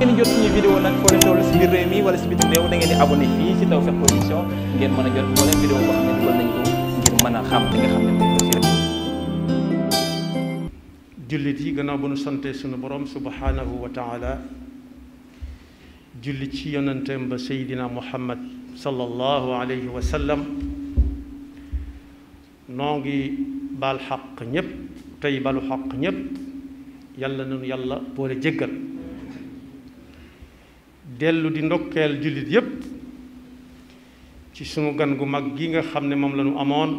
ngeen jot suñu vidéo nag foo a jot moo leen yi gannaaw ba nu sante suñu borom subhanahu wa taala jullit ci yonanteem ba Seydina Muhammad sallallahu alayhi wa sallam noo ngi baal xaq ñépp tey balu xaq ñépp yàlla nanu yàlla boole jéggal dellu di ndokkeel jullit yépp ci sunu gan gu mag gi nga xam ne moom lañu amoon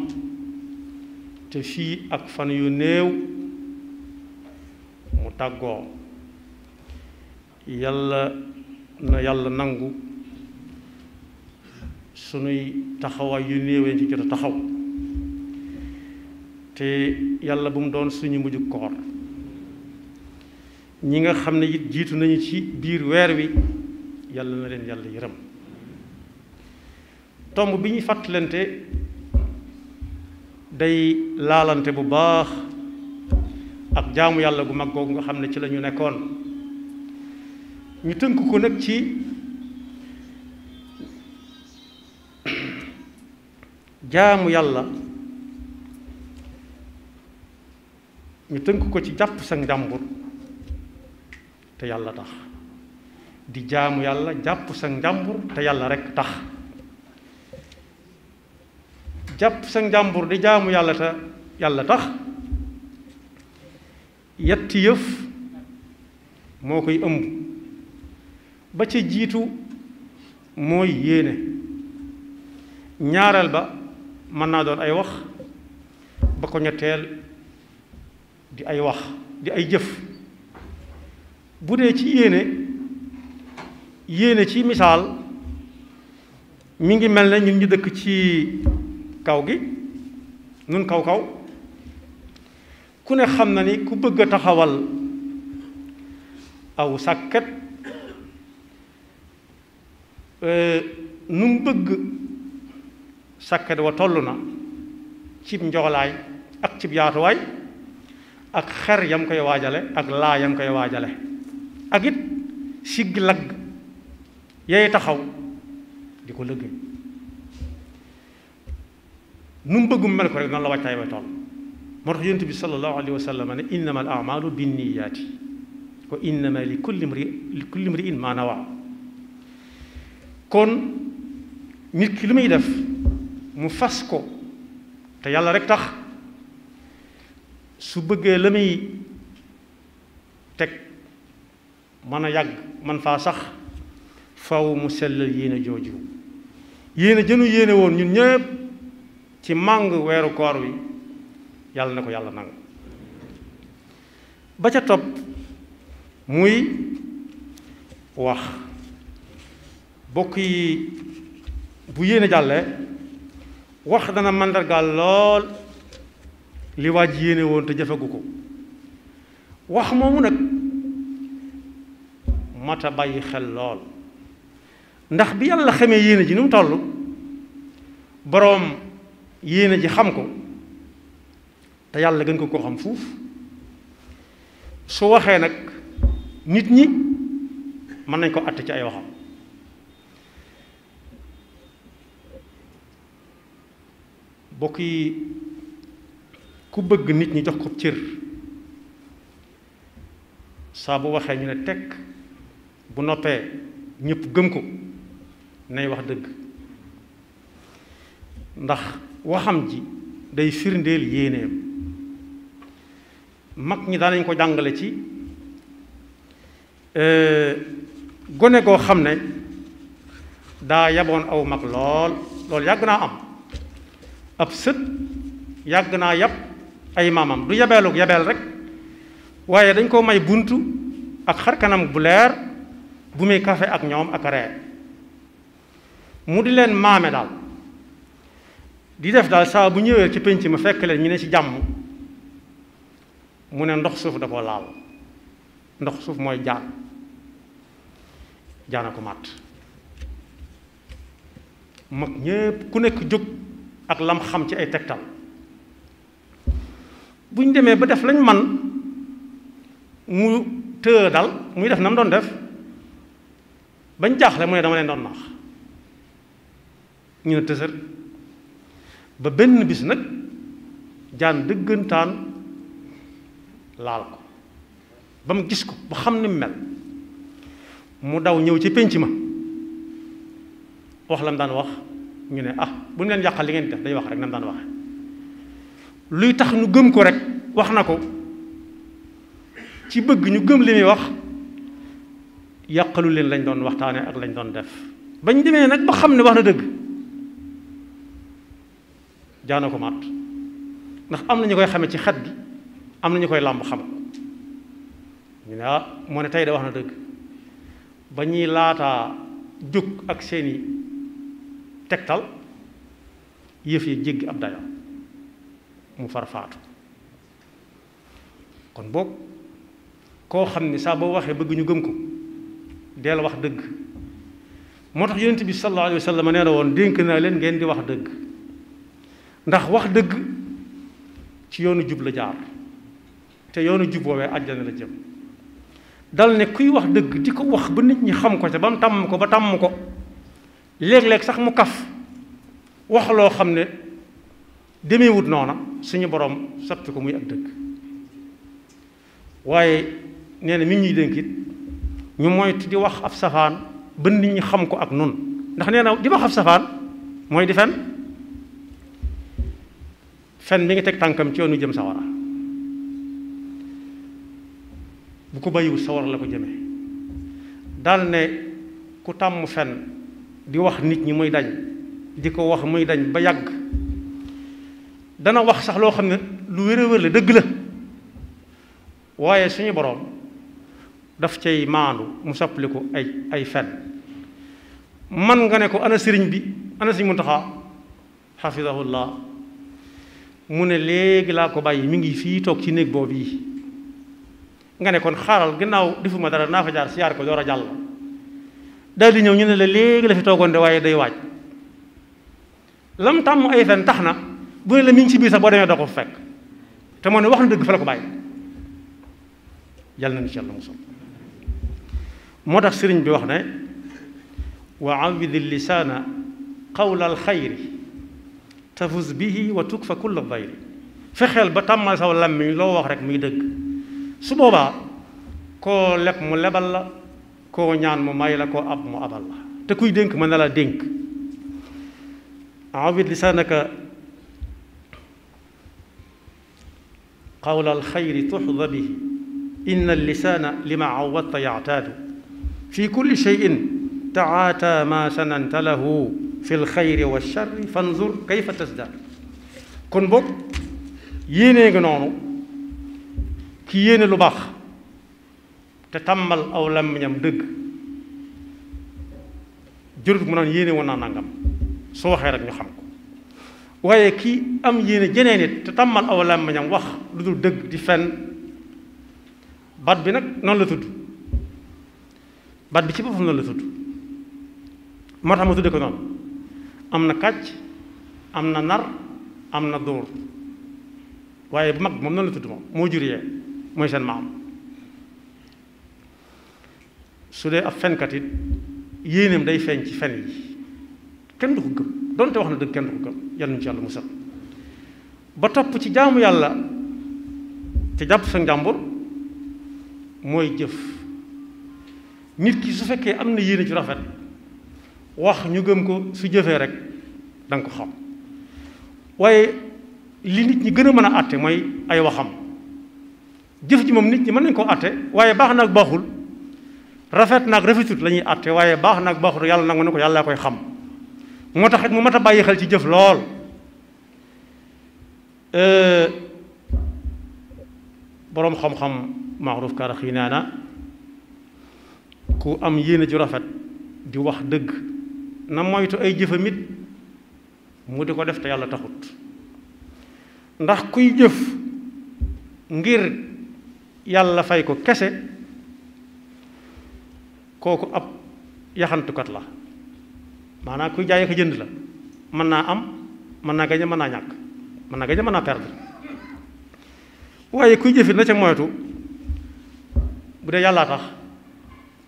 te fii ak fan yu néew mu tàggoo yàlla na yàlla nangu sunuy taxawaay yu néewee ci jot a taxaw te yàlla bu doon suñu mujj koor ñi nga xam ne it jiitu nañu ci biir weer wi yàlla na leen yàlla yërëm tomb bi ñuy fàttalante day laalante bu baax ak jaamu yàlla gu mag googu nga xam ne ci lañu nekkoon ñu tënk ko nag ci jaamu yàlla ñu tënk ko ci jàpp sa njàmbur te yàlla tax di jaamu yàlla jàpp sa njàmbur te yàlla rekk tax jàpp sa njàmbur di jaamu yàlla te yàlla tax yetti yëf moo koy ëmb ba ca jiitu mooy yéene ñaareel ba mën naa doon ay wax ba ko ñetteel di ay wax di ay jëf bu dee ci yéene yéene ci misaal mi ngi mel na ñun ñu dëkk ci kaw gi nun kaw kaw ku ne xam na ni ku bëgg a taxawal aw sàkket eh, nu mu bëgg sàkket wa toll na cib njoxlaay ak cib yaatuwaay ak xer yam koy waajale ak laa yam koy waajale ak it sigg lagg yay taxaw di ko lëggéey nu mu bëggum mel ko rek noonu la waajtaay ba toll moo tax yonent bi sallallahu alayhi wa sallam ne innama al amalu binniyaati wa innama li kulli mri li kulli mriin ma nawa kon nit ki li muy def mu fas ko te yàlla rek tax su bëggee la muy teg mën a yàgg man faa sax faw mu sellal yéene jooju yéene jënu yéene woon ñun ñëpp ci màng weeru koor wi yàlla na ko yàlla nangu ba ca topp muy wax bokk yi bu yéene jàlle wax dana màndargaal lool li waa ji yéene woon te jëfagu ko wax moomu nag mata bàyyi xel lool ndax bi yàlla xamee yéene ji ni mu toll boroom yéene ji xam ko te yàlla gën ko ko xam fuuf su waxee nag nit ñi mën nañ ko àtte ci ay waxam bokk yi ku bëgg nit ñi jox ko cër saa bu waxee ñu ne teg bu noppee ñépp gëm ko nay wax dëgg ndax waxam ji day firndeel yéeneem mag ñi daanañ ko jàngale ci euh, gone goo xam ne daa yaboon aw mag lool lool yàgg naa am ab sët yàgg naa yab ay maamam du yabeelug yabeel rek waaye dañ koo may buntu ak xar kanam bu leer bu muy kafe ak ñoom ak reer mu di leen maame daal di def daal saa bu ñëwee ci pénc ma fekk leen ñu ne ci jàmm mu ne ndox suuf da laal ndox suuf mooy jaan jaana ko màtt mag ñépp ku nekk jóg ak lam xam ci ay tegtal buñ demee ba def lañ man mu tëë dal muy def na mu doon def bañ jaaxle mu ne dama leen doon naax ñu ne tësër ba benn bis nag jaan dëggantaan laal ko ba mu gis ko ba xam ni mel mu daw ñëw ci pénc ma wax la mu daan wax ñu ne ah bu ngeen yàqal li ngeen def day wax rek na mu daan wax luy tax ñu gëm ko rek wax na ko ci bëgg ñu gëm li muy wax yàqalu leen lañ doon waxtaanee ak lañ doon def bañ demee nag ba xam ne wax na dëgg jaana ko matt ndax am na ñu koy xamee ci xet bi am na ñu koy làmb xam ñu ah, moo ne tey de wax na dëgg ba ñuy laata jóg ak seeni tegtal yëf yi jéggi ab dayo mu far faatu kon boog koo xam ne saa boo waxee bëgg ñu gëm ko deel wax dëgg moo tax yonent bi sallallahu alayhi wa sallam nee na woon dénk naa leen ngeen di wax dëgg ndax wax dëgg ci yoonu jub la jaar te yoonu jub woowee àjjana la jëm dal ne kuy wax dëgg di ko wax ba nit ñi xam ko te ba mu tàmm ko ba tàmm ko léeg-léeg sax mu kaf wax loo xam ne demewut noona suñu borom sappi ko muy ak dëgg waaye nee na mi ñuy dénk it ñu moytu di wax ab safaan ba nit ñi xam ko ak nun ndax nee na di wax ab safaan mooy di fen fen mi ngi teg tànkam ci yoonu jëm sawara bu ko bàyyiwul sawara la ko jëme dal ne ku tàmm fen di wax nit ñi muy dañ di ko wax muy dañ ba yàgg dana wax sax loo xam ne lu wér a wér la dëgg la waaye suñu boroom daf cay maandu mu soppali ko ay ay fen man nga ne ko ana sëriñ bi ana sëriñ Muntaxa xafidahullah mu ne léegi laa ko bàyyi mi ngi fii toog ci néeg boobu yi nga ne kon xaaral gannaaw defuma dara naa fa jaar yaar ko door a jàll daal di ñëw ñu ne la léegi la fi toogoon de waaye day waaj lam tàmm ay tax na bu ne la mi ngi ci biir sax boo demee doo ko fekk te moo ne wax na dëgg fa la ko bàyyi yàlla na ci yàlla musal moo tax sëriñ bi wax ne wa awidi lisaana qawla alxayri tafus bihi wa tukfa kullu dayri fexeel ba tàmmal saw làmmiñ loo wax rek muy dëgg su boobaa koo leb mu lebal la koo ñaan mu may la koo ab mu abal la te kuy dénk mën na la dénk awit lisaanaka qawla alxayri tuxda bihi inna allisaana lima awadta yaataadu fi kulli cheyin taaataa ma sananta lahu fi l xayri wa charri fanzur kayfa tasdar kon boog yéenee nga noonu ki yéene lu baax te tàmbal aw làmmiñam dëgg jërut mu naan yéene woon naa nangam su waxee rek ñu xam ko waaye kii am yéene jeneen it te tàmbal aw làmmiñam wax lu dul dëgg di fenn bat bi nag noonu la tudd baat bi ci boppam noonu la tudd moo tax ma tudde ko noonu am na kàcc am na nar am na dóor waaye bu mag moom noonu la tudd moom moo jur yee mooy seen maam su dee ab fenkat it yéeneem day feeñ ci fen yi kenn du ko gëm donte wax na dëgg kenn du ko gëm yàlla ñu ci yàlla musal ba topp ci jaamu yàlla te jàpp sa njàmbur mooy jëf nit ki su fekkee am na yéene ci rafet wax ñu gëm ko su jëfee rek da ko xam waaye li nit ñi gën a mën a àtte mooy ay waxam jëf ji moom nit ñi mën nañ koo àtte waaye baax na ak baaxul rafet na ak rafetut la ñuy àtte waaye baax na ak baaxul yàlla nangu na ko yàlla koy xam moo tax it mu mat a bàyyi xel ci jëf lool boroom xam-xam Maxruf Karaxi na ku am yéene ju rafet di wax dëgg na moytu ay jëfamit mu di ko def te yàlla taxut ndax kuy jëf ngir yàlla fay ko kese kooku ab yaxantukat la maanaam kuy jaay ak jënd la mën naa am mën naa gañe mën naa ñàkk mën naa gañe mën naa perdre waaye kuy jëfit na ca moytu bu dee yàllaa tax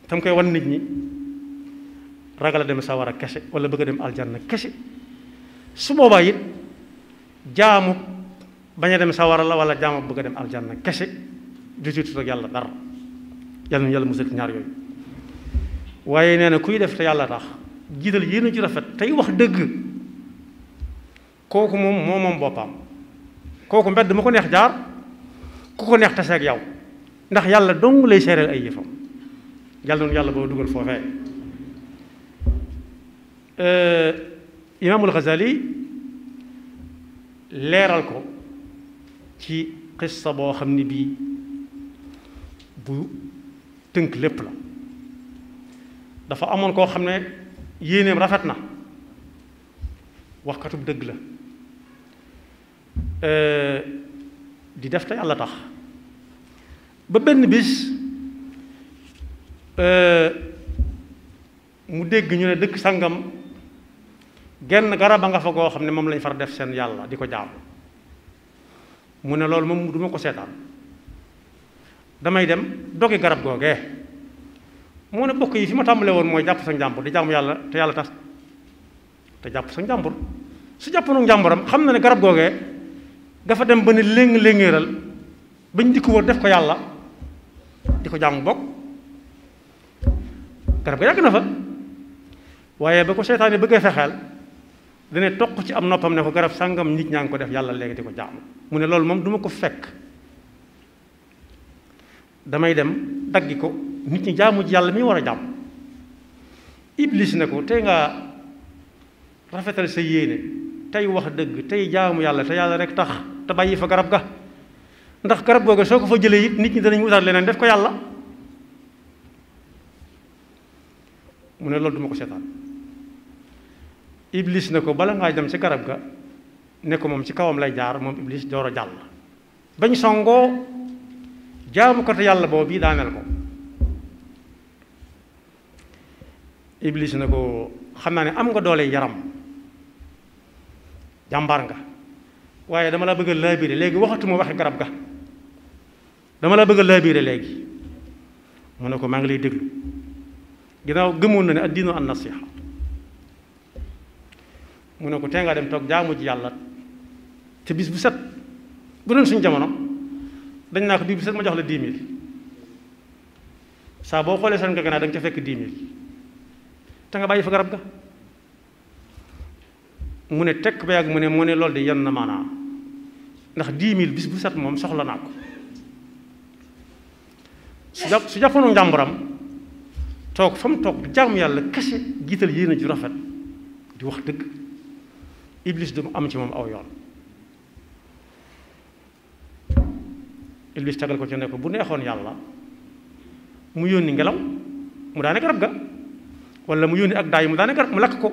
tam koy wan nit ñi ragal a dem sawara kese wala bëgg a dem aljanna kese su boobaa it jaamu bañ a dem sawara la wala jaamu bëgg a dem aljanna kese du jiitu ak yàlla dara yàlla na yàlla ñaar yooyu waaye nee na kuy def te yàlla tax jiital yéen a ci rafet tey wax dëgg kooku moom moo moom boppam kooku mbedd ma ko neex jaar ku ko neex ak yow ndax yàlla dong lay seereel ay yëfam yàlla noonu yàlla boo dugal foofee Euh, imaamul Ghazali leeral ko ci xissa boo xam ni bii bu tënk lépp la dafa amoon koo xam ne yéeneem rafet na waxkatub dëgg la euh, di def te yàlla tax ba benn bis euh, mu dégg ñu ne dëkk sàngam genn garab a nga fa goo xam ne moom lañ far def seen yàlla di ko jaamu mu ne loolu moom duma ko seetaan damay dem dogi garab googee moo ne bokk yi fi ma tàmbale woon mooy jàpp sa njàmbur di jaamu yàlla te yàlla tas te jàpp sa njàmbur su jàppanu njàmburam xam na ne garab googee dafa dem ba ne léng-léngéeral bañ di ko wër def ko yàlla di ko jaamu bokk garab ga yàgg na fa waaye ba ko seetaanee bëggee fexeel dana toq ci am noppam ne ko garab sàngam nit ñaa ngi ko def yàlla léegi di ko jaamu mu ne loolu moom du ma ko fekk damay dem daggi ko nit ñi jaamu ji yàlla mi war a jàmm iblis na ko tey nga rafetal sa yéene tey wax dëgg tey jaamu yàlla te yàlla rek tax te bàyyi fa garab ga ndax garab googu soo ko fa jëlee it nit ñi danañ wutaat leneen def ko yàlla mu ne loolu duma ko seetaan iblis na ko bala ngaa dem ci garab ga ne ko moom ci kawam lay jaar moom iblis door a jàll bañ songoo jaamukatu yàlla boobu bii daaneel ko iblis na ko xam naa ne am nga doole yaram jàmbaar nga waaye dama la bëgg a laabire léegi waxatuma waxi garab ga dama la bëgg a laabire léegi mu ne ko maa ngi lay déglu ginnaaw gëmoon na ne addinu na nasiha mu ne ko tee ngaa dem toog jaamu ji yàlla te bis bu set bu doon suñ jamono dañ naa ko bis bu set ma jox la dix mille saa boo xoolee san ko gannaaw da ca fekk dix mille te nga bàyyi fa garab ga mu ne tekk ba yàgg mu ne mu ne loolu de yan na maanaa ndax dix mille bis bu set moom soxla naa ko su jàpp su jàppoonu njàmburam toog fa mu toog jaamu yàlla kese jiital yéene ju rafet di wax dëgg iblis du am ci moom aw yoon iblis tegal ko ci ne ko bu neexoon yàlla mu yónni ngelaw mu daane garab ga wala mu yónni ak daay mu daane garab mu lakk ko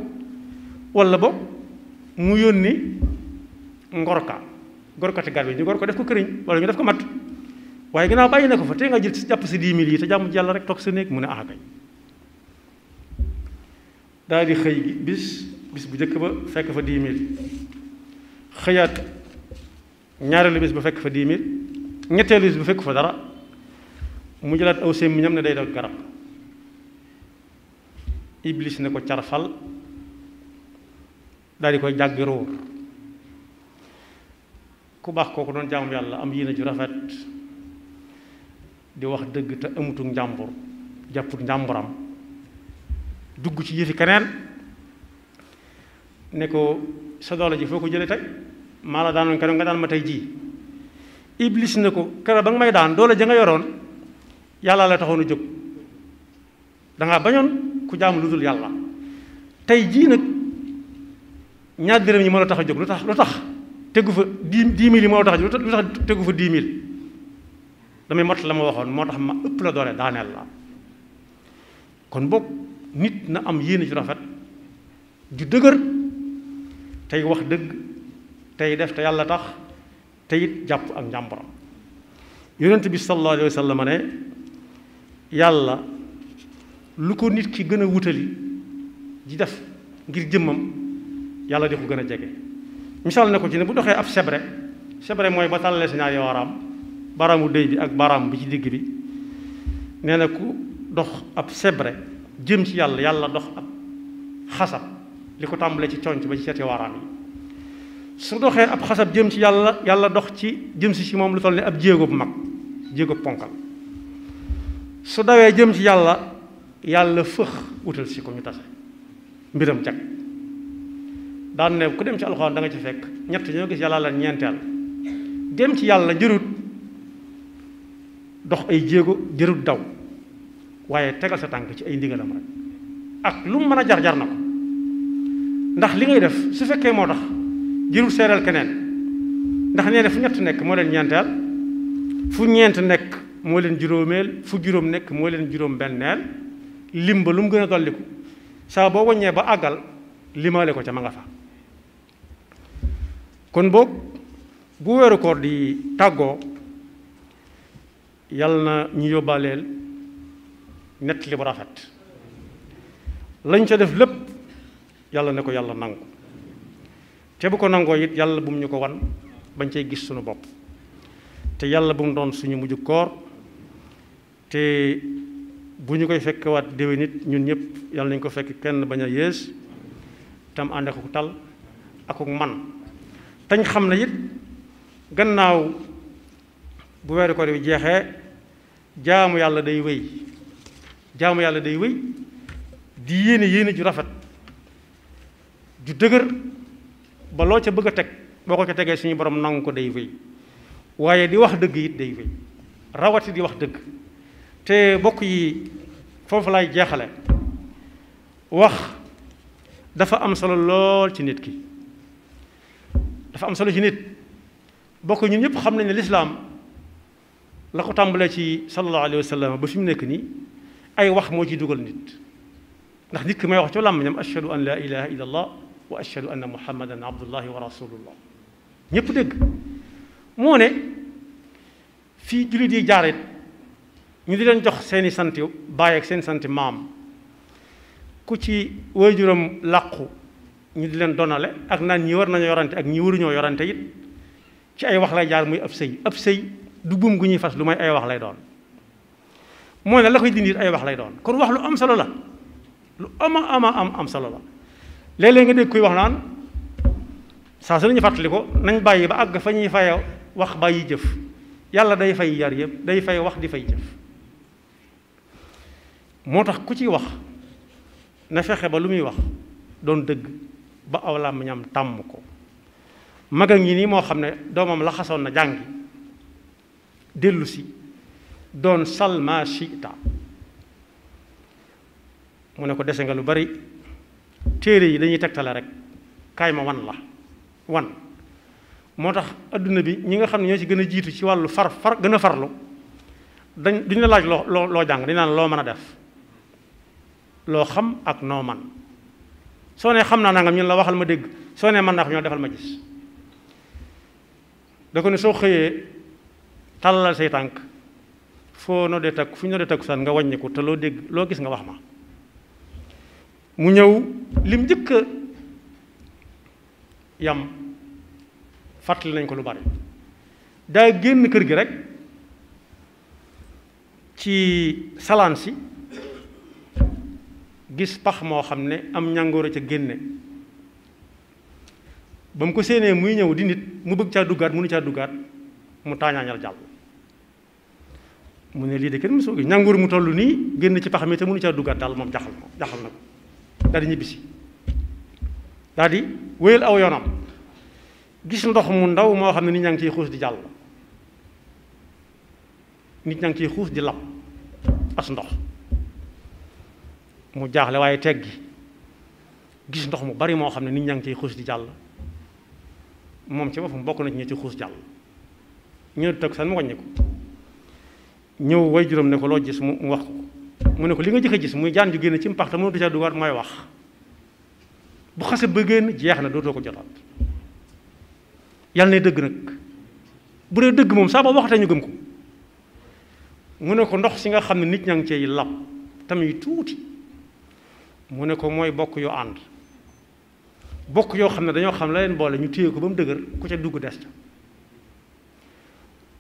wala boog mu yónni ngorka gorkati garab yi ñu gor ko def ko këriñ wala ñu def ko matt waaye gannaaw bàyyi na ko fa tey nga jël jàpp si 10 000 yi te jàmm yàlla rek toog sa néeg mu ne ah kay daal di xëy bis bis bu njëkk ba fekk fa dix mille xëyaat ñaareelu bis ba fekk fa dix mille ñetteelu bis ba fekk fa dara mu jëlaat aw sémmiñam ne day dagg garab iblis ne ko carfal daal di koy jàggi róor ku baax kooku doon jaamu yàlla am yii yéene ju rafet di wax dëgg te amutu njàmbur jàpput njàmburam dugg ci yëfi keneen ne ko sa doole ji foo ko jëlee tey maa la daanoon keroog nga daan ma tey jii iblis na ko keroog ba nga may daan doole ja nga yoroon yàllaa la taxoon a jóg dangaa bañoon ku jaamu lu dul yàlla tey jii nag ñaar dërëm yi moo la tax a jóg lu tax tegu fa dix dix yi moo la tax a jóg lu tax tegu fa dix mille damay mot la ma waxoon moo tax ma ëpp la doole daaneel la kon boog nit na am yéene ju rafet ju dëgër tey wax dëgg tey def te yàlla tax te jàpp ak njàmbaram yonent bi sallallahu alayhi wa ne yàlla lu ko nit ki gën a wutali di def ngir jëmmam yàlla di ko gën a jege misaal ne ko ci ne bu doxee ab sebre sebre mooy ba tàllalee sa ñaari waaraam baraamu dëy bi ak baraam bi ci digg bi nee na ku dox ab sebre jëm ci yàlla yàlla dox ab xasab li ko tàmbalee ci conc ba ci seeti waaraam yi su doxee ab xasab jëm ci yàlla yàlla dox ci jëm si ci moom lu toll ne ab jéego bu mag jéego bu ponkal su dawee jëm ci yàlla yàlla fëx wutal si ko ñu tase mbiram jag daan ne ku dem ci alxuraan da nga ci fekk ñett ñoo gis yàlla la ñeenteel dem ci yàlla jërut dox ay jéego jërut daw waaye tegal sa tànk ci ay ndigalam rek ak lu mu mën a jar jar na ko ndax li ngay def su fekkee moo tax jërul seeral keneen ndax nee na fu ñett nekk moo leen ñeenteel fu ñeent nekk moo leen juróomeel fu juróom nekk moo leen juróom benneel lim ba lu mu gën a dolliku saa boo waññee ba àggal limaale ko ca ma nga fa kon boog bu weeru koor di tàggoo yàlla na ñu yóbbaaleel nett li bu rafet lañ ca def lépp yàlla ne ko yàlla nangu te bu ko nangoo it yàlla bu mu ñu ko wan bañ cay gis suñu bopp te yàlla bu mu doon suñu mujj koor te bu ñu koy fekkewaat déwén nit ñun ñëpp yàlla nañ ko fekk kenn bañ a yées tam ànd ak tal ak man tañ xam na it gannaaw bu weeru koor bi jeexee jaamu yàlla day wéy jaamu yàlla day wéy di yéene yéene ju rafet dëgër ba loo ca bëgg a teg boo ko ca tegee suñu borom nangu ko day wéy waaye di wax dëgg it day wéy rawati di wax dëgg te bokk yi foofu lay jeexale wax dafa am solo lool ci nit ki dafa am solo ci nit bokk ñun ñëpp xam nañ ne lislaam la ko tàmbalee ci sallallahu alayhi wa sallam ba fi mu nekk nii ay wax moo ci dugal nit ndax nit ki may wax ci làmmiñam ashhadu an la ilaha illa allah wa ashhadu anna muhammadan abdullahi wa rasulullah ñépp dégg moo ne fii jullit yi jaaret ñu di leen jox seeni santi baay ak seen santi maam ku ci waajuram làqu ñu di leen donale ak naan ñi war nañoo yorante ak ñi waruñoo yorante it ci ay wax lay jaar muy ab sëy ab sëy du buum gu ñuy fas lu may ay wax lay doon moo ne la koy dindi ay wax lay doon kon wax lu am solo la lu ama ama am am solo la léeg nga dégg kuy wax naan saa su nañu fàttali ko nañ bàyyi ba àgg fa ñuy faye wax bàyyi jëf yàlla day fay yar yëpp day fay wax di fay jëf moo tax ku ciy wax na fexe ba lu muy wax doon dëgg ba aw làmmiñam tàmm ko maga ngi nii moo xam ne doomam laxasoon na jàngi dellusi doon salma chita mu ne ko dese nga lu bari téere yi dañuy tegtale rek kaay ma wan la wan moo tax àdduna bi ñi nga xam ne ñoo ci gën a jiitu ci wàllu far far gën a farlu dañ duñ la laaj loo loo loo jàng di naan loo mën a def loo xam ak noo man soo nee xam naa nangam ñun la waxal ma dégg soo nee mën naa ko ñoo defal ma gis da ko ne soo xëyee tàllal say tànk foo noo dee takk fu ñu noo dee takku saan nga wàññi ko te loo dégg loo gis nga wax ma mu ñëw lim njëkk yam fàttali nañ ko lu bari daa génn kër gi rek ci salaan si gis pax moo xam ne am ñàngooro ca génne ba mu ko séenee muy ñëw di nit mu bëgg caa duggaat mënu caa duggaat mu taañaañal jàll mu ne lii de kenn mu soo gis ñàngoor mu toll nii génn ci pax mi te mënu caa duggaat daal moom jaxal ko jaxal na ko daal ñibbisi daal di wéyal aw yoonam gis ndox mu ndaw moo xam ne nit ñaa ngi ciy xuus di jàll nit ñaa ngi ciy xuus di lab as ndox mu jaaxle waaye teggi gis ndox mu bari moo xam ne nit ñaa ngi ciy xuus di jàll moom ci boppam bokk na ci ci xuus jàll ñu ne tëgg san mu wàññi ko ñëw way juróom ne ko loo gis mu wax ko mu ne ko li nga jëkk a gis muy jaan ju génn ci mpax te mënut a dugaat mooy wax bu xase ba génn jeex na dootoo ko jotaat yal ne dëgg nag bu dee dëgg moom saa ba waxatee ñu gëm ko mu ne ko ndox si nga xam ne nit ñaa ngi cay lab tamit tuuti mu ne ko mooy bokk yoo ànd bokk yoo xam ne dañoo xam la leen boole ñu téye ko ba mu dëgër ku ca dugg des ca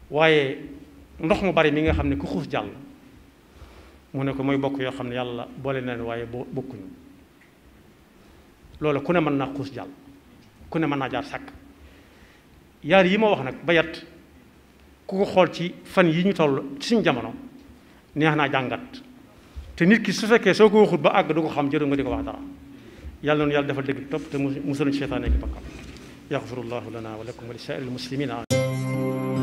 waaye ndox mu bari mi nga xam ne ku xuus jàll mu ne ko mooy bokk yoo xam ne yàlla boole na leen waaye bokkuñu loolu ku ne mën naa xuus jàll ku ne mën naa jaar sàkk yaar yi ma wax nag bayat ku ko xool ci fan yi ñu toll ci suñu jamono neex naa jàngat te nit ki su fekkee soo ko waxut ba àgg du ko xam jëru nga di ko wax dara yàlla noonu yàlla defal dëgg topp te musaluñ seytaane ki bakkam yaxfirullahu lana wa lakum wa li saa'iril muslimina